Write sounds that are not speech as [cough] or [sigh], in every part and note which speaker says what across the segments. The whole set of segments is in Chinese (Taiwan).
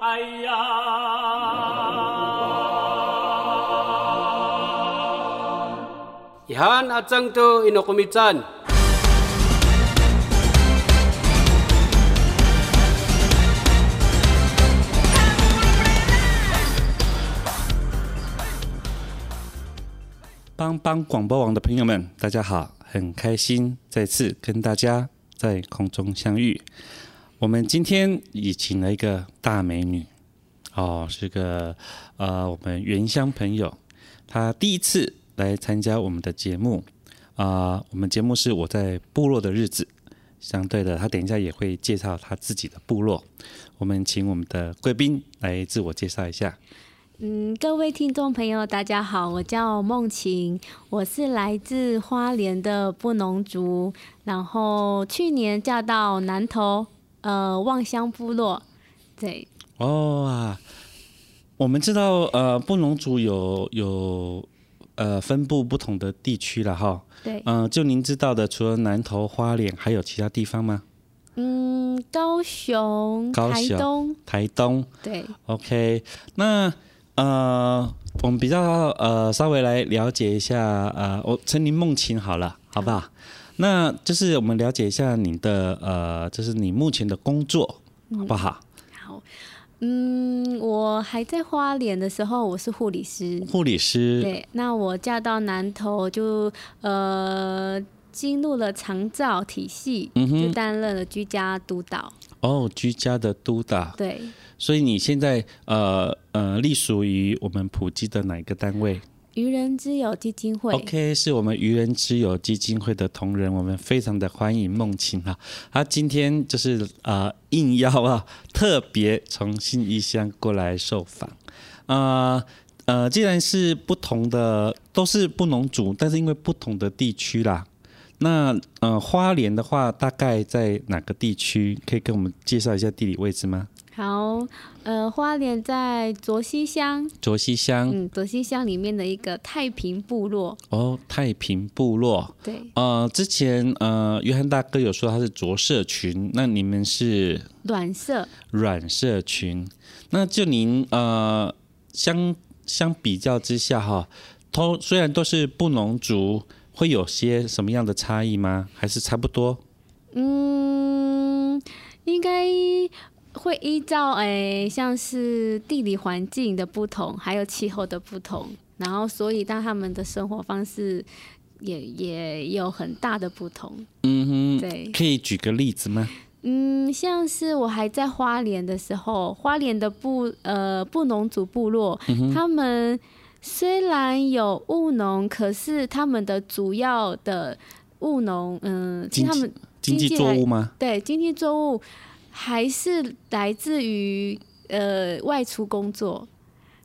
Speaker 1: 哎呀呀幫幫廣播網的朋友們，大家好，很開心再次跟大家在空中相遇。我們今天也請了一個大美女，哦，是個呃，我們原鄉朋友，她第一次來參加我們的節目啊、呃。我們節目是我在部落的日子，相對的，她等一下也會介紹她自己的部落。我們請我們的貴賓來自我介紹一下。嗯，
Speaker 2: 各位聽眾朋友，大家好，我叫夢晴，我是來自花蓮的布農族，然後去年嫁到南投，呃，望鄉部落，對。
Speaker 1: 哦啊，我們知道呃，布農族有有呃分布不同的地區了哈。對。嗯、呃，就您知道的，除了南投花蓮，還有其他地方嗎？
Speaker 2: 嗯，高雄、台東。高雄、台東、
Speaker 1: 台東。對。OK，那呃，我們比較呃，稍微來了解一下呃，我稱您夢晴好了，好不好？嗯那就是我們了解一下你的呃，就是你目前的工作
Speaker 2: 好不好？嗯，好，嗯，我還在花蓮的時候，我是護理師。
Speaker 1: 護理師。對，
Speaker 2: 那我嫁到南投，就呃，進入了長照體系，嗯哼，就擔任了居家督導。
Speaker 1: 哦，居家的督導。對。所以你現在呃呃，隸屬於我們普及的哪一個單位？
Speaker 2: 愚人之友基金會。OK，
Speaker 1: 是我們愚人之友基金會的同仁，我們非常的歡迎夢晴啊。啊，今天就是呃應邀啊，特別從信義鄉過來受訪。啊呃、呃，既然是不同的，都是布農族，但是因為不同的地區啦。那呃花蓮的話，大概在哪個地區？可以跟我們介紹一下地理位置嗎？
Speaker 2: 好，呃，花蓮在卓溪鄉，
Speaker 1: 卓溪鄉，嗯，
Speaker 2: 卓溪鄉裡面的一個太平部落
Speaker 1: 哦，太平部落，對，呃，之前呃，約翰大哥有說他是卓社群，那你們是軟社軟社群，那就您呃，相相比較之下，哈，都雖然都是布農族，會有些什麼樣的差異嗎？還是差不多？
Speaker 2: 嗯，應該。會依照誒、欸，像是地理環境的不同，還有氣候的不同，然後所以，當他們的生活方式也也有很大的不同。
Speaker 1: 嗯哼，對，可以舉個例子嗎？嗯，
Speaker 2: 像是我還在花蓮的時候，花蓮的部呃布農族部落，嗯、哼他們雖然有務農，可是他們的主要的務農，嗯，經濟經濟作，作物嗎？對，經濟作物。還是來自於呃外出工作，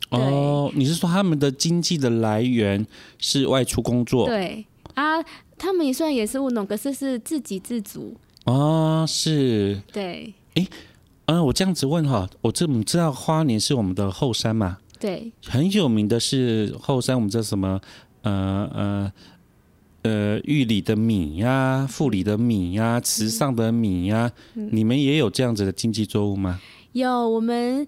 Speaker 2: 哦，
Speaker 1: 你是說他們的經濟的來源是外出工作？
Speaker 2: 對啊，他們也算也是務農，可是是自給自足。
Speaker 1: 哦，是，
Speaker 2: 對，嗯、
Speaker 1: 欸呃，我這樣子問哈、哦，我這你知道花蓮是我們的後山嘛，對，很有名的是後山，我們叫什麼？呃呃。呃，玉里的米呀、啊，富里的米呀、啊，池上的米呀、啊，嗯、你們也有這樣子的經濟作物嗎？
Speaker 2: 有，我們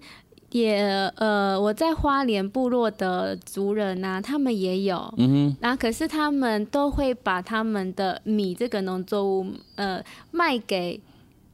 Speaker 2: 也，呃，我在花蓮部落的族人呐、啊，他們也有，嗯那哼、啊、可是他們都會把他們的米這個農作物，呃，賣給。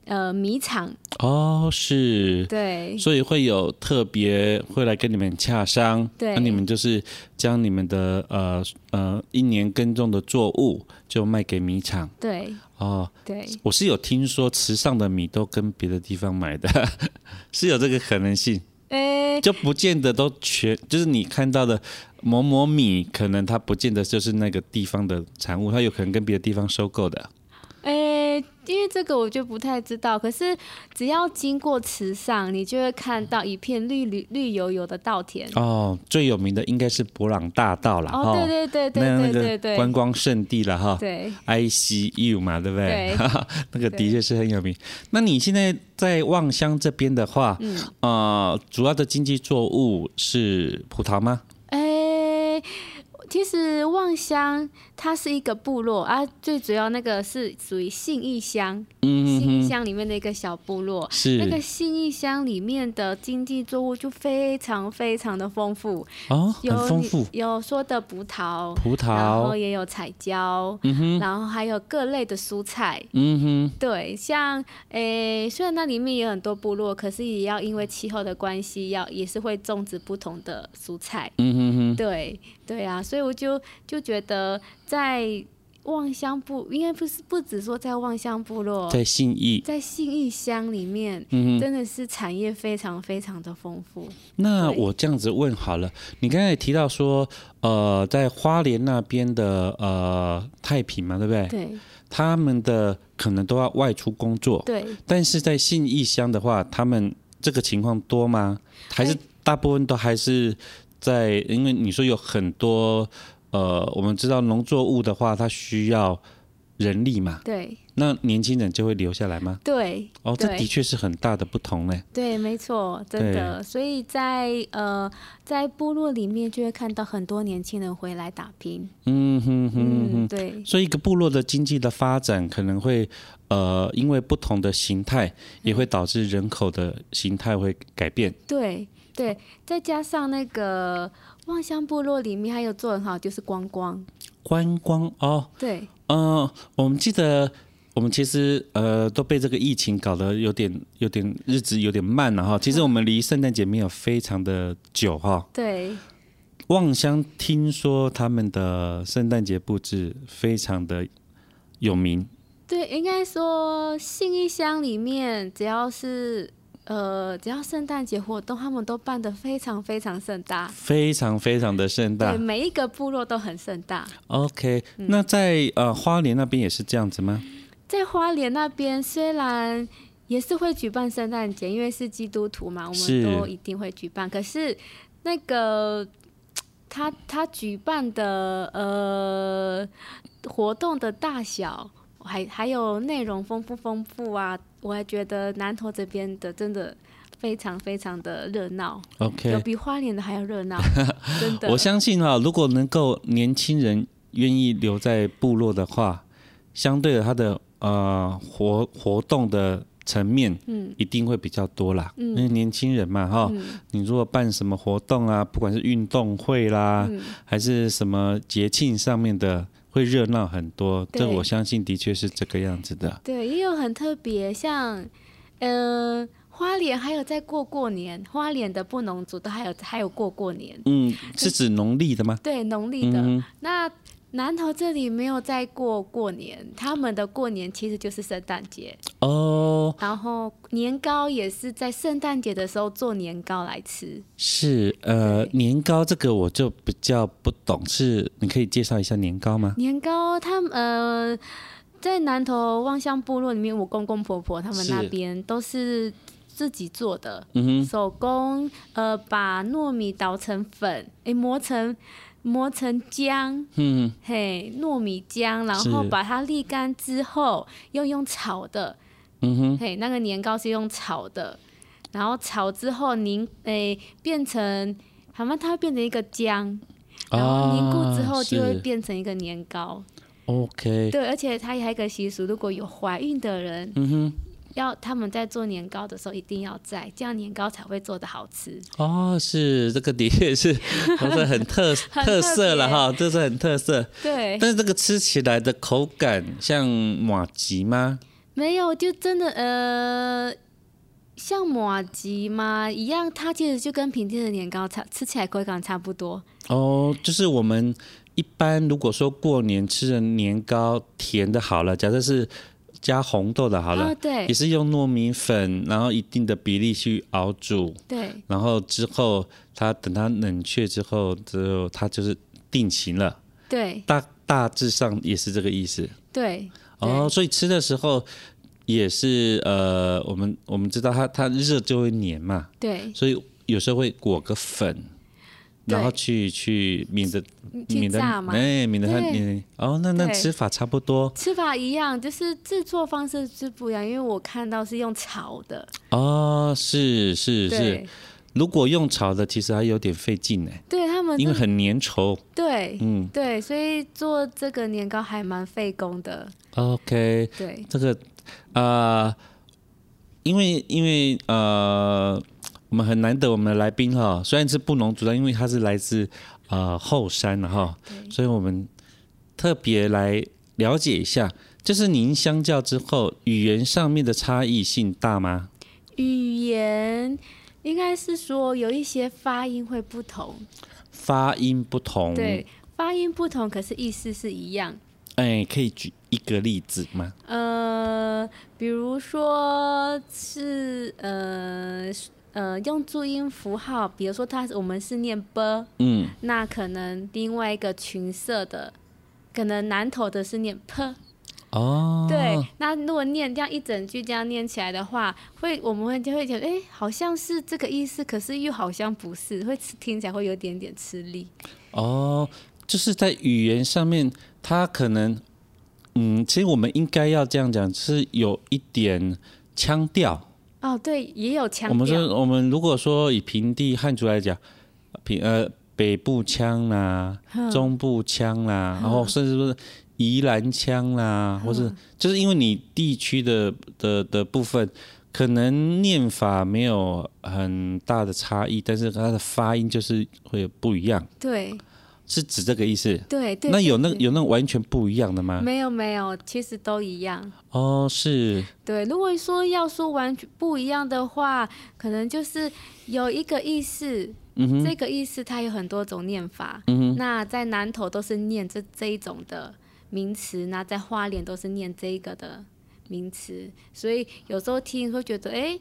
Speaker 2: 呃，米廠
Speaker 1: 哦，是，
Speaker 2: 對，所
Speaker 1: 以會有特別會來跟你們洽商，對，那你們就是將你們的呃呃一年耕種的作物就賣給米廠，對，哦，對，我是有聽說池上的米都跟別的地方買的 [laughs] 是有這個可能性，哎、欸，就不見得都全，就是你看到的某某米，可能它不見得就是那個地方的產物，它有可能跟別的地方收購的，哎、
Speaker 2: 欸。因為這個我就不太知道，可是只要經過池上，你就會看到一片綠綠綠油油的稻田
Speaker 1: 哦。最有名的應該是伯朗大道了，哦，對對對對，對，對，對，對，對那那觀光勝地了，哈對，對，ICU 嘛，對不對？對 [laughs] 那個的確是很有名。對那你現在在望鄉這邊的話，嗯、呃，主要的經濟作物是葡萄嗎？
Speaker 2: 是望鄉，它是一個部落啊。最主要那個是屬於信義鄉，嗯哼哼，信義鄉裡面的一個小部落。是那個信義鄉裡面的經濟作物就非常非常的豐富，
Speaker 3: 哦，很豐富，有
Speaker 2: 有說的葡萄，葡
Speaker 3: 萄，然後也
Speaker 2: 有彩椒，嗯哼，然後還有各類的蔬菜，嗯哼，對。像誒、欸，雖然那裡面有很多部落，可是也要因為氣候的關係，要也是會種植不同的蔬菜，嗯哼哼，對。對啊，所以我就就覺得在望鄉部，應該不是不止說在望鄉部落，在信義，在信義鄉裡面，嗯，真的是產業非常非常的豐富。
Speaker 1: 那我這樣子問好了，對你剛才也提到說，呃，在花蓮那邊的呃太平嘛，對不對？對，他們的可能都要外出工作，對。但是在信義鄉的話，他們這個情況多嗎？還是大部分都還是？欸在，因為你說有很多，呃，我們知道農作物的話，它需要人力嘛，對，那年輕人就會留下來嗎？
Speaker 2: 對，哦，對這的
Speaker 1: 確是很大的不同呢。
Speaker 2: 對，沒錯，真的。對所以在呃，在部落裡面，就會看到很多年輕人回來打拼。嗯哼
Speaker 1: 哼，哼，哼嗯，對。所以一個部落的經濟的發展，可能會呃，因為不同的形態，也會導致人口的形態會改變。嗯、
Speaker 2: 對。對，再加上那個望鄉部落裡面還有做很好，就是觀光
Speaker 1: 觀光哦。對，嗯、呃，我們記得，我們其實呃都被這個疫情搞得有點有點日子有點慢了哈。其實我們離聖誕節沒有非常的久哈。對，哦、望鄉聽說他們的聖誕節佈置非常的有名。
Speaker 2: 對，應該說信義鄉裡面只要是。呃，只要聖誕節活動，他們都辦得非常非常盛大，
Speaker 1: 非常非常的盛大。對，
Speaker 2: 每一個部落都很盛大。
Speaker 1: OK，嗯，那在呃花蓮那邊也是這樣子嗎？
Speaker 2: 在花蓮那邊雖然也是會舉辦聖誕節，因為是基督徒嘛，我們都一定會舉辦。是，可是那個他他舉辦的呃活動的大小。還還有內容豐富豐富啊！我還覺得南投這邊的真的非常非常的熱鬧，OK，有比花蓮的還要熱鬧。 [laughs] 真的，我相
Speaker 1: 信哈、啊，如果能夠年輕人願意留在部落的話，相對的他的呃活活動的層面，嗯，一定會比較多啦。嗯、因為年輕人嘛哈，嗯、你如果辦什麼活動啊，不管是運動會啦，嗯、還是什麼節慶上面的。會熱鬧很多，這我相信的確是這個樣子的。
Speaker 2: 對，也有很特別，像，嗯、呃，花蓮還有在過過年，花蓮的布農族都還有還有過過年，
Speaker 1: 嗯，是指農曆的嗎？
Speaker 2: 對，農曆的、嗯、那。南投這裡沒有再過過年，他們的過年其實就是聖誕節
Speaker 1: 哦。Oh,
Speaker 2: 然後年糕也是在聖誕節的時候做年糕來吃。
Speaker 1: 是，呃，對年糕這個我就比較不懂，是你可以介紹一下年糕嗎？
Speaker 2: 年糕，他們呃，在南投望鄉部落裡面，我公公婆婆他們那邊都是自己做的，嗯哼，mm hmm. 手工呃把糯米搗成粉，誒、欸，磨成。磨成漿，
Speaker 3: 嗯
Speaker 2: 哼，嘿，糯米漿，然後把它瀝乾之後，又是用炒的，嗯哼，嘿，那個年糕是用炒的，然後炒之後凝，誒、呃，變成，好嗎？它會變成一個漿，
Speaker 3: 然後凝固之後就會變
Speaker 2: 成一個年糕。
Speaker 3: 啊、OK。對，
Speaker 2: 而且它也還有一個習俗，如果有懷孕的人，嗯要他們在做年糕的時候一定要在，這樣年糕才會做的好吃。
Speaker 1: 哦，是這個，的確是，這是 [laughs] 很特 [laughs] 很特，別特色了哈，這是很特色。
Speaker 2: 對。但是這
Speaker 1: 個吃起來的口感像麻糬嗎？
Speaker 2: 沒有，就真的呃，像麻糬嗎一樣，它其實就跟平地的年糕差，吃起來口感差不多。
Speaker 1: 哦，就是我們一般如果說過年吃的年糕甜的，好了，假設是。加紅豆的，好了，哦、對，也是用糯米粉，然後一定的比例去熬煮，對，然後之後它等它冷卻之後，之後它就是定型了，對，大大致上也是這個意思，對，對哦，所以吃的時候也是呃，我們我們知道它它熱就會粘嘛，對，所以有時候會裹個粉。然後去去碾的、碾的，哎，碾的它，嗯，哦，那那吃法差不多，
Speaker 2: 吃法一樣，就是製作方式是不一樣，因為我看到是用炒的。
Speaker 1: 哦，是是是，如果用炒的，其實還有點費勁呢。
Speaker 2: 對他們，因為很
Speaker 1: 粘稠。
Speaker 2: 對，嗯，對，所以做這個年糕還蠻費工的。
Speaker 1: OK，對，這個啊，因為因為呃。我們很難得，我們的來賓哈，雖然是布農族，但因為他是來自呃後山的哈，對所以我們特別來了解一下，就是您相較之後，語言上面的差異性大嗎？
Speaker 2: 語言應該是說有一些發音會不同，
Speaker 1: 發音不同，對，
Speaker 2: 發音不同，可是意思是一樣。
Speaker 1: 哎、欸，可以舉一個例子嗎？
Speaker 2: 呃，比如說是呃。呃，用注音符號，比如說他我們是念 b，嗯，那可能另外一個群色的，可能南投的是念 p，哦，
Speaker 3: 對，
Speaker 2: 那如果念這樣一整句這樣念起來的話，會我們會就會覺得，哎，好像是這個意思，可是又好像不是，會聽起來會有點點吃力。
Speaker 1: 哦，就是在語言上面，它可能，嗯，其實我們應該要這樣講，就是有一點腔調。
Speaker 2: 哦，oh, 對，也有腔調。我們說，
Speaker 1: 我們如果說以平地漢族來講，平呃北部腔啦、啊，中部腔啦、啊，呵然後甚至說宜蘭腔啦、啊，呵或是就是因為你地區的的的部分，可能念法沒有很大的差異，但是它的發音就是會不一樣。對。是指這個意思。對
Speaker 2: 對，對對。那有那個、
Speaker 1: 有那個完全不一樣的嗎？
Speaker 2: 沒有沒有，其實都一樣。
Speaker 1: 哦，是。
Speaker 2: 對，如果說要說完全不一樣的話，可能就是有一個意思，嗯哼，這個意思它有很多種念法，嗯哼，那在南投都是念這這一種的名詞，那在花蓮都是念這一個的名詞，所以有時候聽會覺得，哎、欸，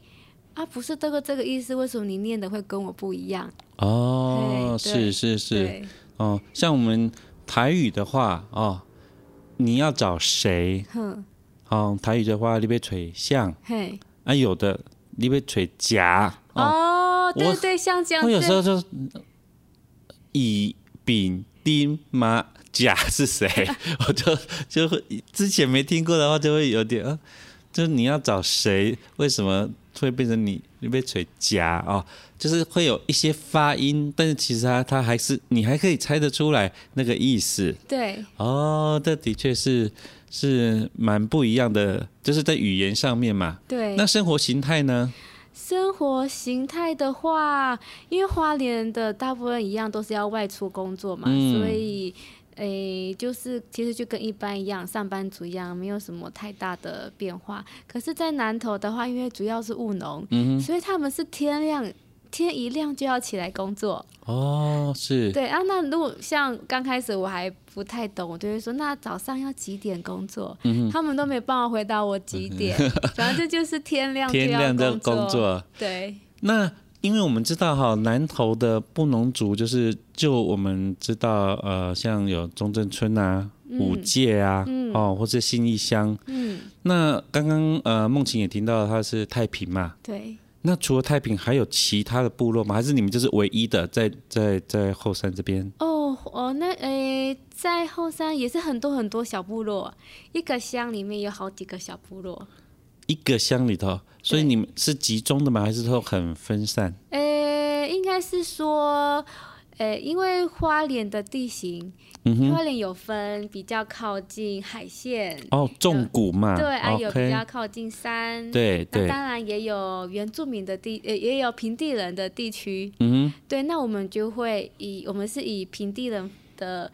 Speaker 2: 啊，不是這個這個意思，為什麼你念的會跟我不一樣？
Speaker 1: 哦，是是是。哦，像我們台語的話，哦，你要找誰？嗯、哦，台語的話，你被吹像，嘿啊，有的你被吹夾。哦，
Speaker 2: 哦我對對，像這樣。我，我有時候就
Speaker 1: 乙、丙對、丁、馬、甲是誰？我就就會之前沒聽過的話，就會有點，啊，就是你要找誰？為什麼會變成你？你被錘夾啊，就是會有一些發音，但是其實它它還是你還可以猜得出來那個意思。對，哦，這的確是是蠻不一樣的，就是在語言上面嘛。對，那生活形態呢？
Speaker 2: 生活形態的話，因為花蓮的大部分一樣都是要外出工作嘛，嗯、所以。哎、欸，就是其實就跟一般一樣，上班族一樣，沒有什麼太大的變化。可是，在南投的話，因為主要是務農，嗯、哼所以他們是天亮，天一亮就要起來工作。
Speaker 3: 哦，是。對啊，
Speaker 2: 那如果像剛開始我還不太懂，我就是、說那早上要幾點工作？嗯、哼他們都沒辦法回答我幾點，反正、嗯、哼 [laughs] 就是天亮天亮工作。的工作對，
Speaker 1: 那。因為我們知道哈、哦，南投的布農族就是，就我們知道，呃，像有中正村啊、武界啊，嗯嗯、哦，或是信義鄉。嗯。那剛剛呃，夢晴也聽到他是太平嘛。
Speaker 3: 對。
Speaker 1: 那除了太平，還有其他的部落嗎？還是你們就是唯一的在，在在在後山這邊？
Speaker 2: 哦哦，那誒，在後山也是很多很多小部落，一個鄉裡面有好幾個小部落。
Speaker 1: 一個鄉裡頭，所以你們是集中的嗎？還是說很分散？
Speaker 2: 呃、欸，應該是說，呃、欸，因為花蓮的地形，嗯哼，花蓮有分比較靠近海線
Speaker 1: 哦，縱谷嘛，對，啊 OK，有比較
Speaker 2: 靠近山，對對，對，那當然也有原住民的地，欸、也有平地人的地區，嗯哼，對，那我們就會以我們是以平地人的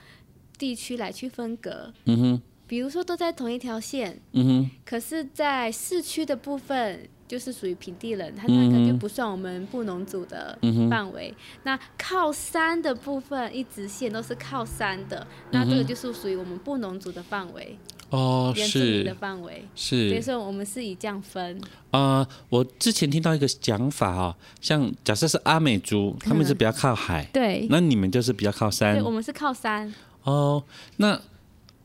Speaker 2: 地區來去分隔，嗯哼。比如說都在同一條線，嗯哼，可是，在市區的部分就是屬於平地人，他那個就不算我們布農族的範圍。那靠山的部分一直線都是靠山的，那這個就是屬於我們布農族的範圍。
Speaker 1: 哦，是的範圍是，所以說
Speaker 2: 我們是以這樣分。
Speaker 1: 啊，我之前聽到一個講法哈，像假設是阿美族，他們是比較靠海，對，那你們就是比較靠山，對，我
Speaker 2: 們是靠山。
Speaker 1: 哦，那。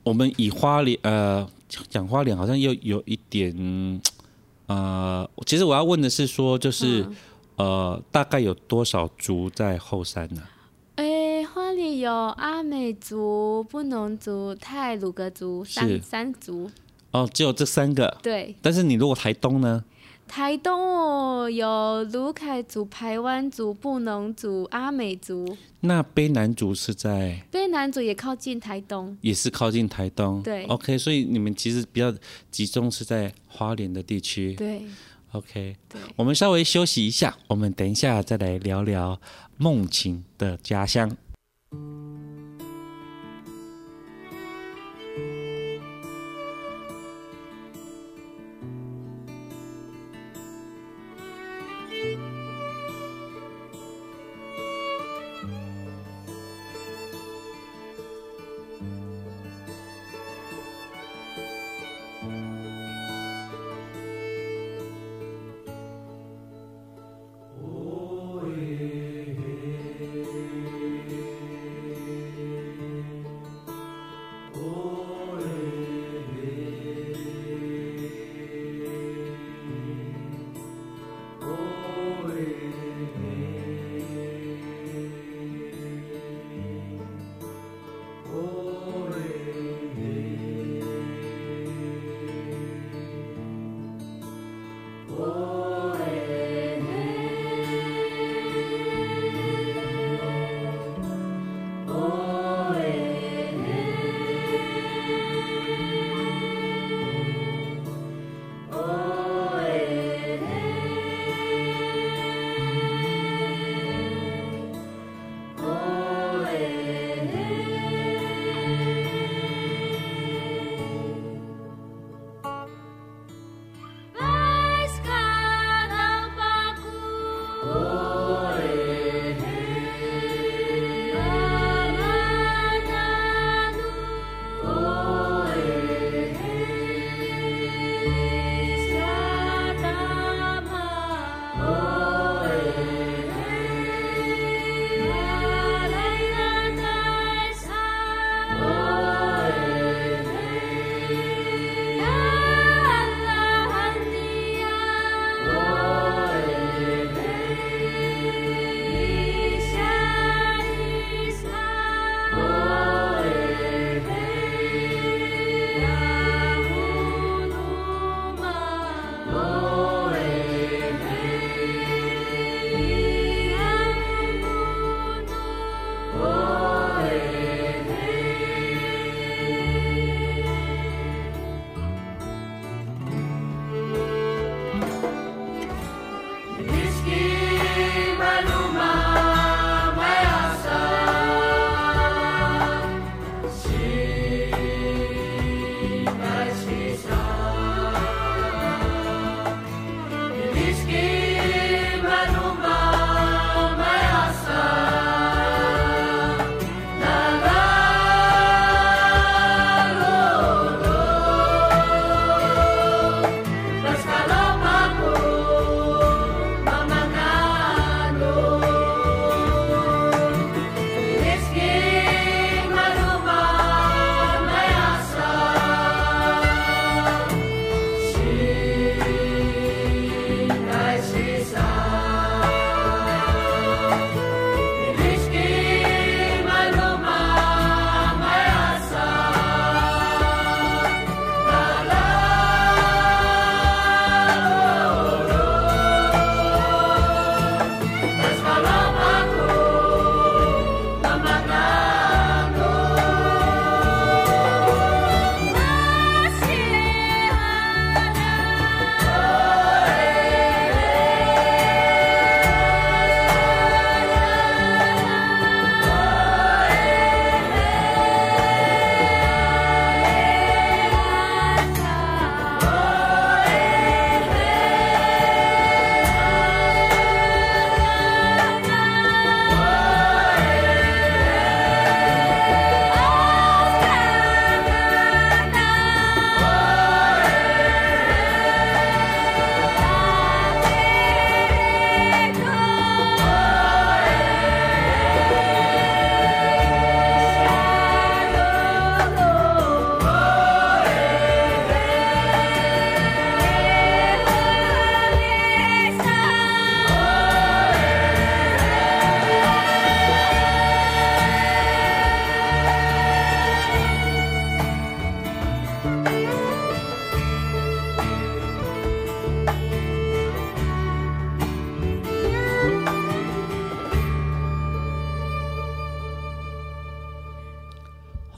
Speaker 1: 我們以花蓮呃，講花蓮好像又有一點呃，其實我要問的是說就是、嗯、呃，大概有多少族在後山呢、啊？
Speaker 2: 哎、欸，花蓮有阿美族、布農族、太魯閣族三是三族。
Speaker 1: 哦，只有這三個。對。但是你如果台東呢？
Speaker 2: 台東哦，有魯凱族、排灣族、布農族、阿美族。
Speaker 1: 那卑南族是在？
Speaker 2: 卑南族也靠近台東，
Speaker 1: 也是靠近台東。對，OK，所以你們其實比較集中是在花蓮的地區。對，OK，對，我們稍微休息一下，我們等一下再來聊聊夢晴的家鄉。嗯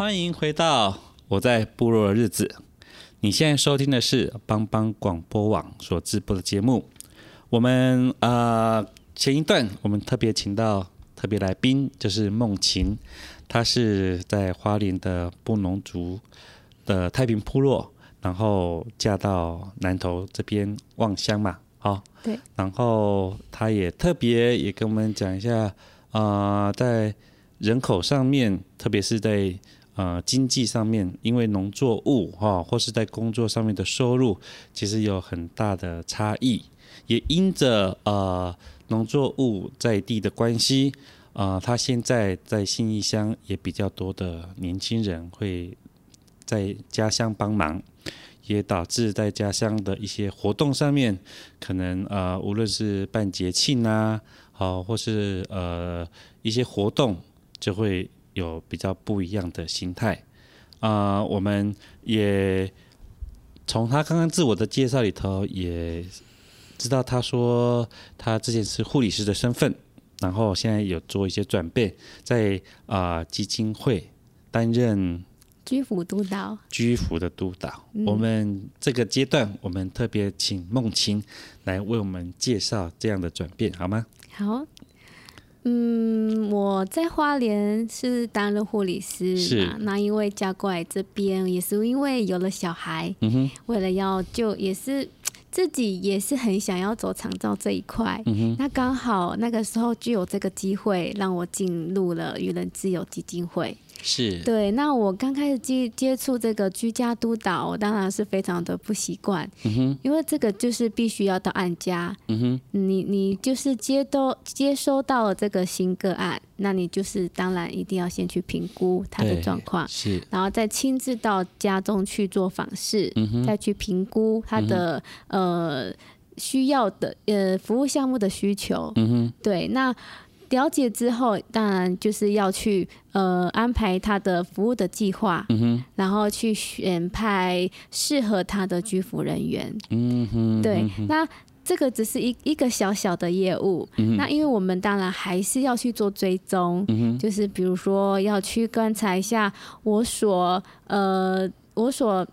Speaker 1: 歡迎回到我在部落的日子。你現在收聽的是幫幫廣播網所直播的節目。我們啊、呃，前一段我們特別請到特別來賓，就是夢晴，她是在花蓮的布農族的太平部落，然後嫁到南投這邊望鄉嘛，對，然後她也特別也跟我們講一下啊、呃，在人口上面，特別是在呃，經濟上面，因為農作物哈、哦，或是在工作上面的收入，其實有很大的差異。也因着呃農作物在地的關係，啊、呃，他現在在信義鄉也比較多的年輕人會在家鄉幫忙，也導致在家鄉的一些活動上面，可能呃，無論是辦節慶啊，好、哦、或是呃一些活動，就會。有比較不一樣的心態啊，我們也從他剛剛自我的介紹裡頭也知道，他說他之前是護理師的身份，然後現在有做一些轉變，在啊、呃、基金會擔任
Speaker 2: 居服督導，
Speaker 1: 居服的督導。我們這個階段，我們特別請夢晴來為我們介紹這樣的轉變，好嗎？
Speaker 2: 好。嗯，我在花蓮是擔任護理師，是那因為嫁過來這邊也是因為有了小孩，嗯、哼為了要就也是自己也是很想要走長照這一塊，嗯、哼那剛好那個時候就有這個機會讓我進入了愚人自由基金會。是對，那我剛開始接接觸這個居家督導，我當然是非常的不習慣，嗯、哼因為這個就是必須要到案家，嗯、哼你你就是接都接收到了這個新個案，那你就是當然一定要先去評估他的狀況，是，然後再親自到家中去做訪視，嗯、哼再去評估他的、嗯、哼呃需要的呃服務項目的需求，嗯、哼對，那。了解之後，當然就是要去呃安排他的服務的計劃，嗯哼。然後去選派適合他的居服人員。嗯
Speaker 3: 哼，嗯哼。對，那
Speaker 2: 這個只是一一個小小的業務。嗯哼。那因為我們當然還是要去做追蹤，嗯哼。就是比如說要去觀察一下我所呃我所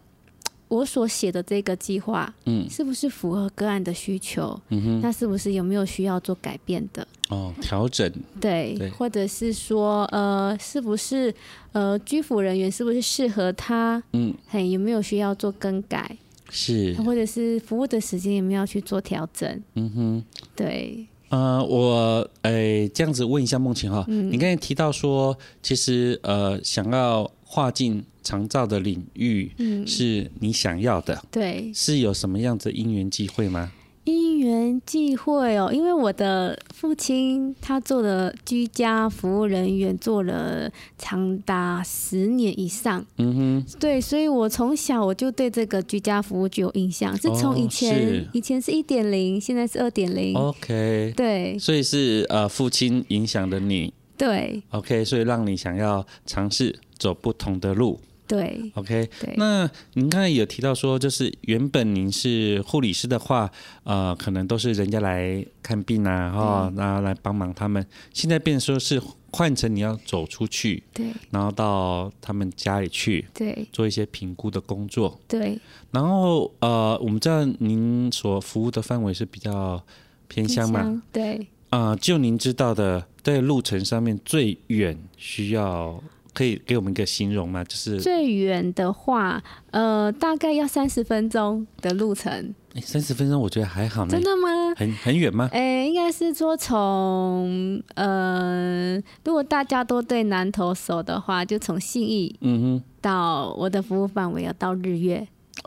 Speaker 2: 我所寫的這個計劃，嗯，是不是符合個案的需求？嗯哼。那是不是有沒有需要做改變的？
Speaker 1: 哦，調整對，對或
Speaker 2: 者是說，呃，是不是呃，居服人員是不是適合他？嗯，嘿，有沒有需要做更改？
Speaker 1: 是，
Speaker 2: 或者是服務的時間有沒有要去做調整？嗯哼，對。
Speaker 1: 呃，我哎、欸，這樣子問一下夢晴哈，嗯、你剛才提到說，其實呃想要跨進長照的領域，嗯，是你想要的？對，是有什麼樣子的因緣機會嗎？
Speaker 2: 因緣際會哦、喔，因為我的父親他做的居家服務人員做了長達十年以上，嗯哼，對，所以我從小我就對這個居家服務具有印象，是從以前，哦、以前是一點零，現在是二點零，OK，
Speaker 1: 對，所以是呃父親影響的你，對，OK，所以讓你想要嘗試走不同的路。對，OK。對，okay, 那您剛才有提到說，就是原本您是護理師的話，呃，可能都是人家來看病啊，嗯、然後來幫忙他們。現在變說是換成你要走出去，對，然後到他們家裡去，對，做一些評估的工作，對。然後呃，我們知道您所服務的範圍是比較偏鄉嘛，偏向，對。啊、呃，就您知道的，在路程上面最遠需要。可以給我們一個形容嗎？就是最
Speaker 2: 遠的話，呃，大概要三十分鐘的路程。
Speaker 1: 三十、欸、分鐘，我覺得還好呢。真的嗎？很很遠嗎？
Speaker 2: 誒、欸，應該是說從，嗯、呃，如果大家都對南投熟的話，就從信義，嗯哼，到我的服務範圍要到日月。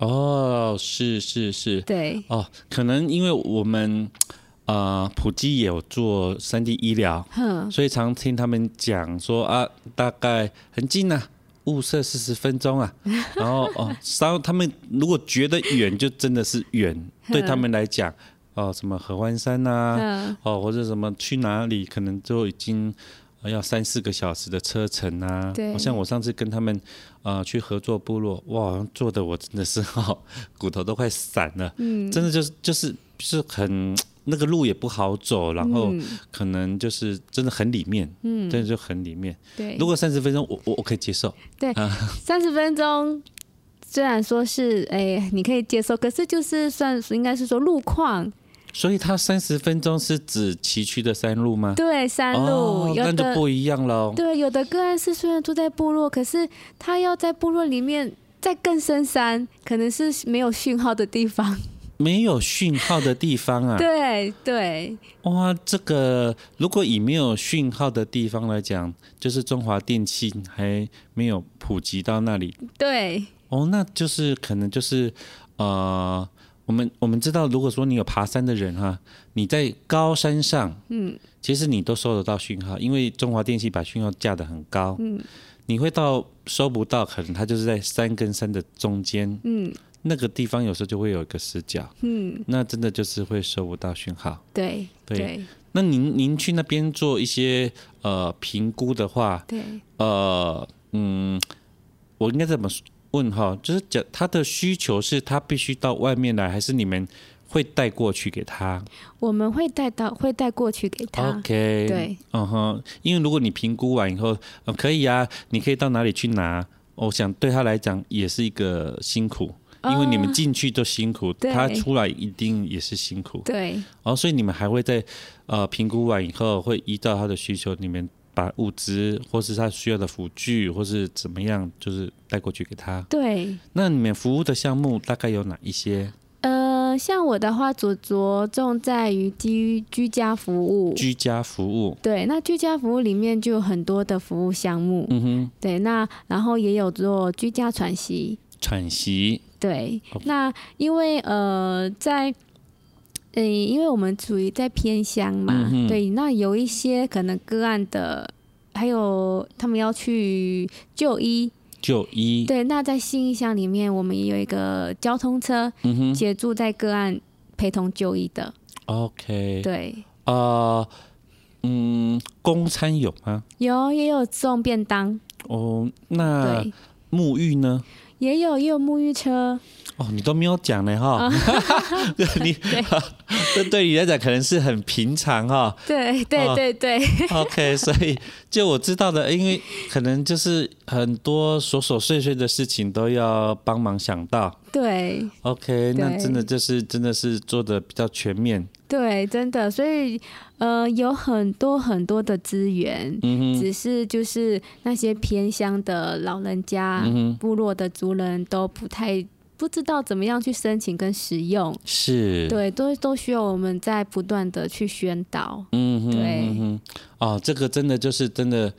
Speaker 2: 嗯
Speaker 1: 哼，哦，是是是，對。哦，可能因為我們。啊、呃，埔基也有做山地醫療，呵所以常聽他們講說啊，大概很近吶、啊，霧社四十分鐘啊， [laughs] 然後哦，稍他們如果覺得遠，就真的是遠，呵對他們來講，哦，什麼合歡山吶、啊，呵哦或者什麼去哪裡，可能就已經要三四個小時的車程啊。好對像我上次跟他們啊、呃、去合作部落，哇，坐得我真的是好、哦，骨頭都快散了，嗯，真的就是就是、就是很。那個路也不好走，然後可能就是真的很裡面，嗯，真的就很裡面。對、嗯，如果三十分鐘，我我我可以接受。
Speaker 2: 對，三十、啊、分鐘雖然說是哎、欸，你可以接受，可是就是算應該是說路況。
Speaker 1: 所以他三十分鐘是指崎嶇的山路嗎？對，山路。哦、有的那就不一樣嘍。對，
Speaker 2: 有的個案是雖然住在部落，可是他要在部落裡面，在更深山，可能是沒有訊號的地方。
Speaker 1: 沒有訊號的地方啊，
Speaker 2: 對 [laughs] 對，
Speaker 1: 對哇，這個如果以沒有訊號的地方來講，就是中華電信還沒有普及到那裡。對，哦，那就是可能就是呃，我們我們知道，如果說你有爬山的人哈，你在高山上，嗯，其實你都收得到訊號，因為中華電信把訊號架得很高，嗯，你會到收不到，可能它，就是在山跟山的中間，嗯。那個地方有時候就會有一個死角，嗯，那真的就是會收不到訊號。
Speaker 3: 對，對。
Speaker 1: 那您您去那邊做一些呃評估的話，
Speaker 3: 對，
Speaker 1: 呃，嗯，我應該怎麼問哈？就是講他的需求是他必須到外面來，還是你們會帶過去給他？
Speaker 2: 我們會帶到，會帶過去給他。OK，
Speaker 1: 對，嗯哼。因為如果你評估完以後，可以啊，你可以到哪裡去拿？我想對他來講也是一個辛苦。因為你們進去都辛苦，哦、他出來一定也是辛苦。對，然後、哦、所以你們還會在呃評估完以後，會依照他的需求，你們把物資或是他需要的輔具或是怎麼樣，就是帶過去給他。對。那你們服務的項目大概有哪一些？
Speaker 2: 呃，像我的話，著著重在於居居家服務。居
Speaker 1: 家服務。
Speaker 2: 對，那居家服務裡面就有很多的服務項目。嗯哼。對，那然後也有做居家喘息。
Speaker 1: 喘息。
Speaker 2: 對，那因為呃，在嗯、欸，因為我們處於在偏鄉嘛，嗯、哼對，那有一些可能個案的，還有他們要去就醫，
Speaker 1: 就醫，
Speaker 2: 對，那在信義鄉裡面，我們也有一個交通車協助、嗯、哼在個案陪同就醫的。
Speaker 1: OK，對，啊、呃，嗯，共餐有嗎？
Speaker 2: 有，也有送便當。
Speaker 1: 哦，那沐浴呢？
Speaker 2: 也有，也有沐浴車
Speaker 1: 哦，你都沒有講呢哈，你這、哦、 [laughs] [laughs] 對你來講可能是很平常哈。
Speaker 2: 對對對對 [laughs]
Speaker 1: ，OK，所以就我知道的，因為可能就是很多瑣瑣碎碎的事情都要幫忙想到。對，OK，那真的就是對真的是做的比較全面。
Speaker 2: 對，真的，所以呃，有很多很多的資源，嗯哼只是就是那些偏鄉的老人家、嗯、哼部落的族人都不太不知道怎麼樣去申請跟使用，
Speaker 1: 是，
Speaker 2: 對，都都需要我們在不斷的去宣導，嗯哼
Speaker 1: 對，啊、嗯哦，這個真的就是真的，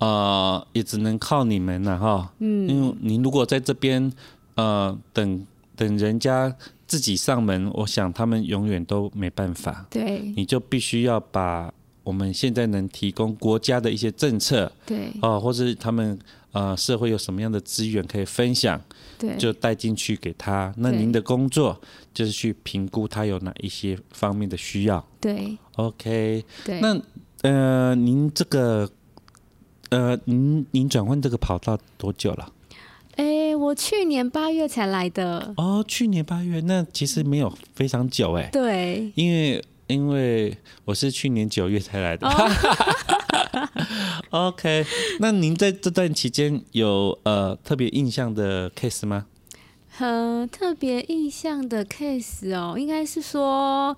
Speaker 1: 呃，也只能靠你們了哈，嗯，因為你如果在這邊。呃，等等，人家自己上門，我想他們永遠都沒辦法。對，你就必須要把我們現在能提供國家的一些政策，對，哦、呃，或者他們呃社會有什麼樣的資源可以分享，對，就帶進去給他。那您的工作就是去評估他有哪一些方面的需要。對，OK。對，okay, 對那呃，您這個呃，您您轉換這個跑道多久了？
Speaker 2: 哎、欸，我去年八月才來的。
Speaker 1: 哦，去年八月，那其實沒有非常久。欸，哎。
Speaker 2: 對。
Speaker 1: 因為因為我是去年九月才來的。哦。 [laughs] [laughs] OK，那您在這段期間有呃特別印象的 case 嗎？嗯、
Speaker 2: 呃，特別印象的 case 哦，應該是說，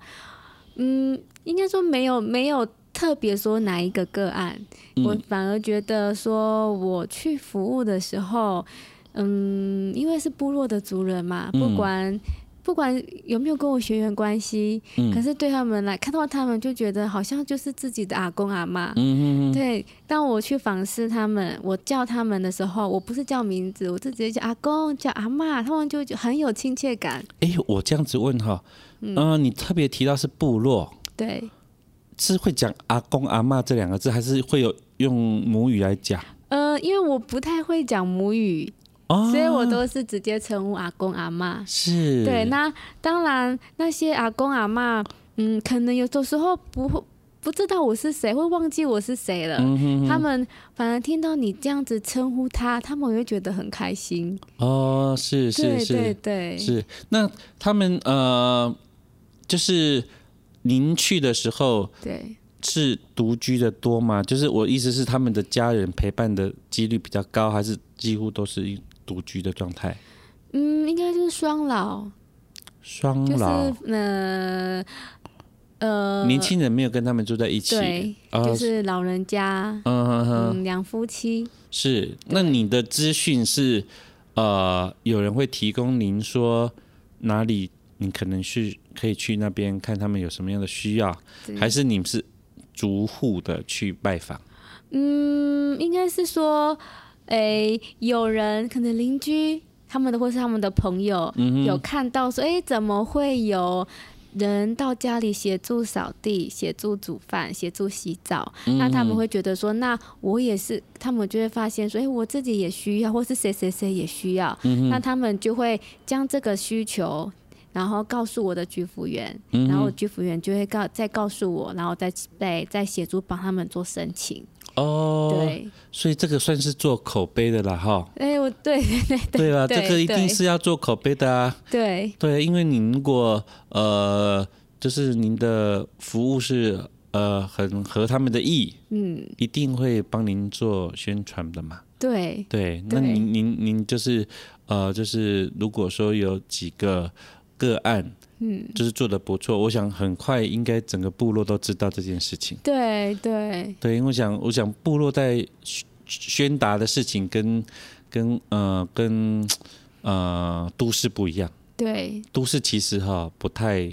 Speaker 2: 嗯，應該說沒有沒有特別說哪一個個案，嗯、我反而覺得說我去服務的時候。嗯，因為是部落的族人嘛，嗯、不管不管有沒有跟我血緣關係，嗯、可是對他們來看到他們就覺得好像就是自己的阿公阿媽。嗯嗯，對。當我去訪視他們，我叫他們的時候，我不是叫名字，我就直接叫阿公、叫阿媽，他們就很有親切感。
Speaker 1: 哎、欸，我這樣子問哈，嗯、呃，你特別提到是部落，對，是會講阿公阿媽這兩個字，還是會有用母語來講？
Speaker 2: 呃，因為我不太會講母語。
Speaker 1: 哦，所以，我都
Speaker 2: 是直接稱呼阿公阿嬤。是。對，那當然，那些阿公阿嬤，嗯，可能有的時候不不知道我是誰，會忘記我是誰了。嗯哼哼。他們反而聽到你這樣子稱呼他，他們會覺得很開心。
Speaker 1: 哦，是是是，對對對，是。那他們呃，就是您去的時候，對，是獨居的多嗎？對就是我意思是，他們的家人陪伴的幾率比較高，還是幾乎都是？獨居的狀態，
Speaker 2: 嗯，應該就是雙老，
Speaker 1: 雙老、就
Speaker 2: 是，呃，呃，年輕
Speaker 1: 人沒有跟他們住在一起，對呃、就是
Speaker 2: 老人家，
Speaker 1: 呃、嗯
Speaker 2: 兩、嗯嗯、夫妻
Speaker 1: 是。對那你的資訊是，呃，有人會提供您說哪裡，你可能去可以去那邊看他們有什麼樣的需要，是還是你們是逐戶的去拜訪、
Speaker 2: 嗯？應該是說。哎，有人可能鄰居，他們的或是他們的朋友、嗯、哼有看到說，哎，怎麼會有人到家裡協助掃地、協助煮飯、協助洗澡？嗯、哼那他們會覺得說，那我也是，他們就會發現，說，哎，我自己也需要，或是誰誰誰也需要。嗯、哼那他們就會將這個需求，然後告訴我的居服員，嗯、哼然後居服員就會告再告訴我，然後再再再協助幫他們做申請。
Speaker 1: 哦，oh, 對，所以這個算是做口碑的啦，哈。哎，
Speaker 2: 我對對對，對啊，這個一定是
Speaker 1: 要做口碑的啊。對對，因為您如果呃，就是您的服務是呃很合他們的意，嗯，一定會幫您做宣傳的嘛。對對，那您您您就是呃，就是如果說有幾個。個案，嗯，就是做的不錯。嗯，我想很快應該整個部落都知道這件事情。
Speaker 2: 對對
Speaker 1: 對，因為我想，我想部落在宣達的事情跟跟呃跟呃都市不一樣。
Speaker 2: 對，
Speaker 1: 都市其實哈不太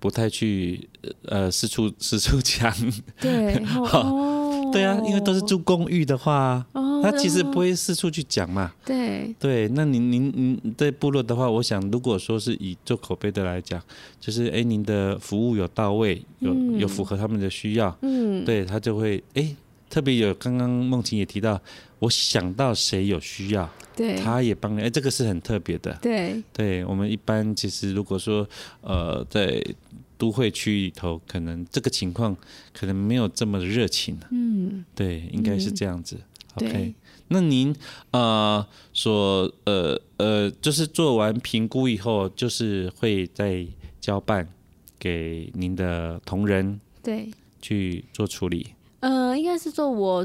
Speaker 1: 不太去呃四處四處講。對，呵呵哦對啊，因為都是住公寓的話，哦、他其實不會四處去講嘛。對對，那您您您對部落的話，我想如果說是以做口碑的來講，就是誒，您的服務有到位，有、嗯、有符合他們的需要，嗯，對他就會誒，特別有剛剛夢晴也提到，我想到誰有需要，對，他也幫你，誒，這個是很特別的。對，對我們一般其實如果說呃在。都會區裡頭，可能這個情況可能沒有這麼熱情，嗯，對，應該是這樣子。OK，那您呃，說呃呃，就是做完評估以後，就是會再交辦給您的同仁對去做處理。
Speaker 2: 呃，應該是做我，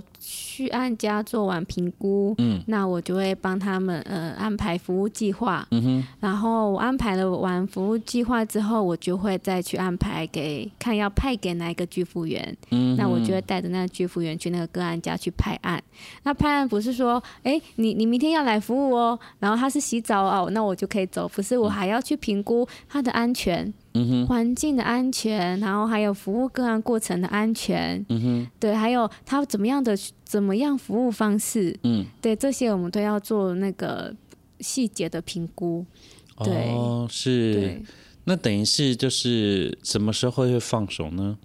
Speaker 2: 去案家做完評估，嗯、那我就會幫他們呃安排服務計劃，嗯、哼然後我安排了完服務計劃之後，我就會再去安排給看要派給哪一個居服員，嗯、哼那我就會帶着那個居服員去那個個案家去派案。那派案不是說，哎，你你明天要來服務哦，然後他是洗澡哦，那我就可以走，不是，我還要去評估他的安全，嗯、哼環境的安全，然後還有服務個案過程的安全，嗯、哼對，還有他怎麼樣的。怎麼樣服務方式？嗯，對，這些我們都要做那個細節的評估。
Speaker 1: 哦，對是。對那等於是就是什麼時候會放手呢？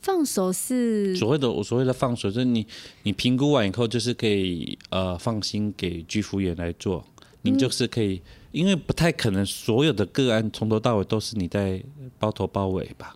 Speaker 2: 放手是所謂
Speaker 1: 的我所謂的放手，就是你你評估完以後，就是可以呃放心給居服員來做。你就是可以，嗯，因為不太可能所有的個案從頭到尾都是你在包頭包尾吧？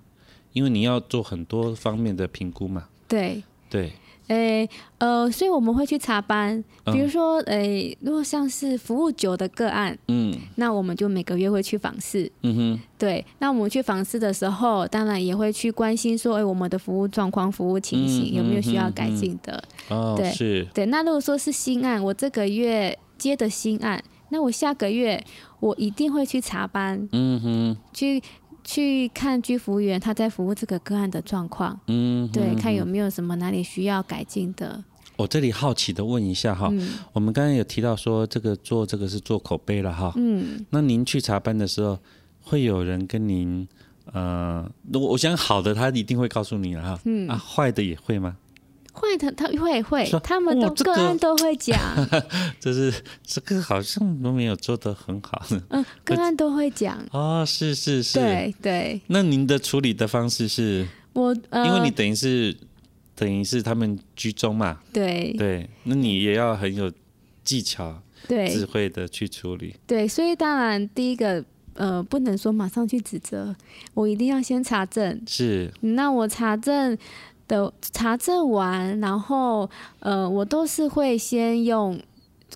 Speaker 1: 因為你要做很多方面的評估嘛。對。對。
Speaker 2: 欸、呃，所以我們會去查班，比如說，誒、欸，如果像是服務久的個案，嗯，那我們就每個月會去訪視，嗯哼，對。那我們去訪視的時候，當然也會去關心說，哎、欸，我們的服務狀況、服務情形有沒有需要改進的，哦、嗯哼，
Speaker 3: 對，嗯 oh，對，是，
Speaker 2: 對。那如果說是新案，我這個月接的新案，那我下個月我一定會去查班，嗯哼，去。去看居服務員，他在服務這個個案的狀況，
Speaker 1: 嗯，嗯，對，看有
Speaker 2: 沒有什麼哪裡需要改進的。
Speaker 1: 我、哦、這裡好奇的問一下哈，嗯、我們剛剛有提到說這個做這個是做口碑了哈，嗯，那您去查班的時候，會有人跟您，呃，如果我想好的，他一定會告訴你了哈，嗯，啊，壞、嗯、的也會嗎？
Speaker 2: 會的，他會會，他們都個案都會講，哦
Speaker 1: 這個、呵呵就是這個好像都沒有做得很好的。
Speaker 2: 嗯、呃，個案都會講
Speaker 1: 會。哦，是是是，對對。對那您的處理的方式是？
Speaker 2: 我、呃、因為你
Speaker 1: 等於是等於是他們居中嘛，對對，那你也要很有技巧、對智慧的去處理。
Speaker 2: 對，所以當然第一個呃，不能說馬上去指責，我一定要先查證。是，那我查證。的查證完，然後呃，我都是會先用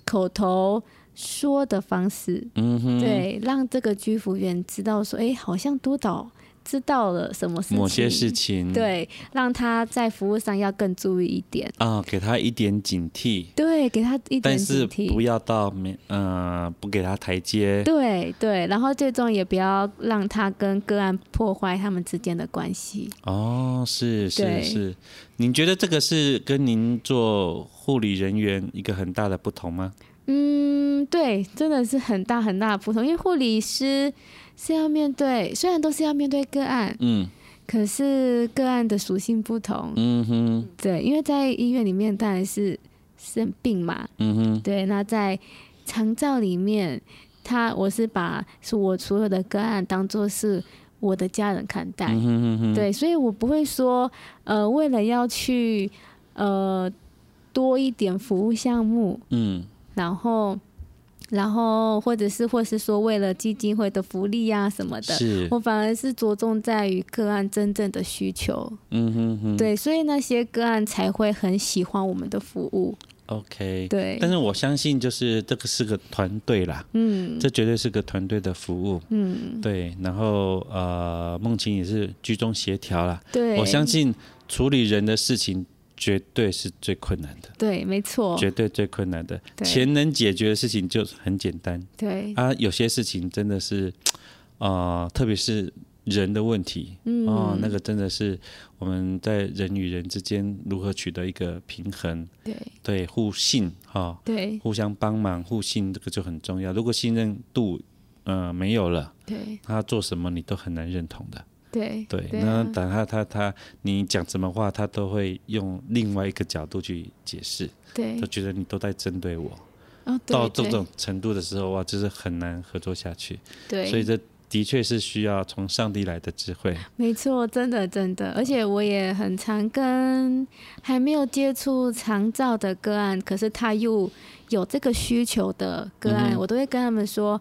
Speaker 2: 口頭說的方式，
Speaker 3: 嗯、哼對，
Speaker 2: 讓這個居服員知道說，哎，好像督導。知道了什麼事情？某些事
Speaker 1: 情對，
Speaker 2: 讓他在服務上要更注意一點
Speaker 1: 啊、哦，給他一點警惕。
Speaker 2: 對，給他一點警惕，但是
Speaker 1: 不要到沒嗯、呃，不給他台階。
Speaker 2: 對對，然後最終也不要讓他跟個案破壞他們之間的關係。
Speaker 1: 哦，是是對是，你覺得這個是跟您做護理人員一個很大的不同嗎？嗯，
Speaker 2: 對，真的是很大很大的不同，因為護理師。是要面對，雖然都是要面對個案，嗯、可是個案的屬性不同，嗯、哼對，因為在醫院裡面當然是生病嘛，嗯、哼對，那在長照裡面，他我是把是我所有的個案當做是我的家人看待，嗯、哼哼對，所以我不會說，呃，為了要去，呃，多一點服務項目，嗯，然後。然後，或者是，或是說，為了基金會的福利呀、啊、什麼的，是我反而是着重在於個案真正的需求。嗯哼哼。對，所以那些個案才會很喜歡我們的服務。
Speaker 1: OK。對。但是我相信，就是這個是個團隊啦。嗯。這絕對是個團隊的服務。嗯。對。然後呃，夢晴也是居中協調啦。對。我相信處理人的事情。絕對是最困難的。
Speaker 2: 對，沒錯。絕
Speaker 1: 對最困難的，錢對能解決的事情就是很簡單。對啊，有些事情真的是，啊、呃，特別是人的問題，啊、嗯哦，那個真的是我們在人與人之間如何取得一個平衡。對，對，互信哈。哦、對。互相幫忙，互信這個就很重要。如果信任度，嗯、呃，沒有了，對，他做什麼你都很難認同的。
Speaker 3: 對對，對對啊、那等
Speaker 1: 他他他，你講什麼話，他都會用另外一個角度去解釋，對，都覺得你都在針對我。哦、對對，到這種程度的時候，哇，就是很難合作下去。對，所以這的確是需要從上帝來的智慧。
Speaker 2: 沒錯，真的真的，而且我也很常跟還沒有接觸長照的個案，可是他又有這個需求的個案，嗯、哼我都會跟他們說。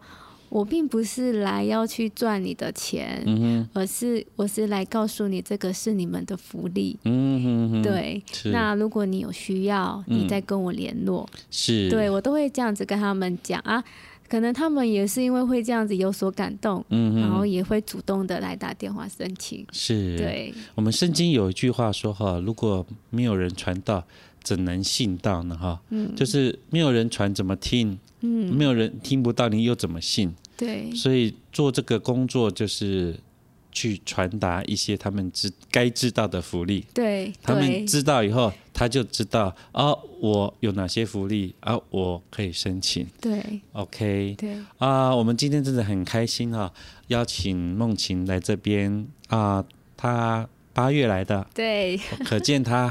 Speaker 2: 我並不是來要去賺你的錢，嗯、哼而是我是來告訴你這個是你們的福利。嗯
Speaker 3: 哼哼，對。是那
Speaker 2: 如果你有需要，你再跟我聯絡，嗯。是。對，我都會這樣子跟他們講啊，可能他們也是因為會這樣子有所感動，嗯、哼
Speaker 1: 然後
Speaker 2: 也會主動的來打電話申請。
Speaker 1: 是。對。我們聖經有一句話說哈，如果沒有人傳道，怎能信到呢？哈、嗯，就是沒有人傳，怎麼聽？嗯，沒有人聽不到，你又怎麼信？
Speaker 2: 對，所
Speaker 1: 以做這個工作就是去傳達一些他們知該知道的福利。
Speaker 2: 對，對他們知
Speaker 1: 道以後，他就知道哦，我有哪些福利啊、哦？我可以申請。對，OK 對。對啊、呃，我們今天真的很開心哈，邀請夢晴來這邊啊、呃，他。八月來的，
Speaker 2: 對， [laughs] 可見
Speaker 1: 他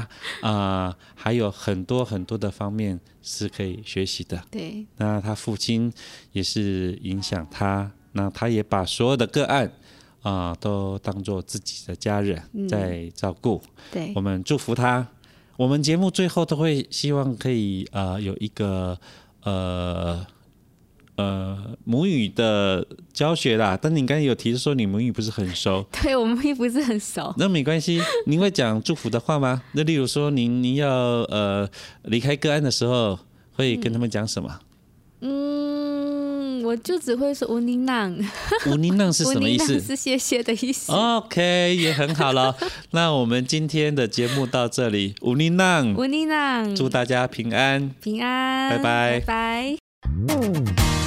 Speaker 1: 啊、呃、還有很多很多的方面是可以學習的。對，那他父親也是影響他，哇那他也把所有的個案啊、呃、都當做自己的家人在照顧。對、嗯，我們祝福他。對我們節目最後都會希望可以啊、呃、有一個呃。呃，母語的教學啦。但你剛才有提示說你母語不是很熟，
Speaker 2: 對，我母語不是很熟。
Speaker 1: 那沒關係，您會講祝福的話嗎？那例如說您您要呃離開個案的時候，會跟他們講什麼？嗯，
Speaker 2: 我就只會說“無尼浪”，“無尼浪”是什麼意思、 [laughs] 嗯嗯？是謝謝的意思。 [laughs]
Speaker 1: OK，也很好了。那我們今天的節目到這裡，“無尼浪”，“無
Speaker 2: 尼浪”，祝
Speaker 1: 大家平安，
Speaker 2: 平安，拜拜，拜拜。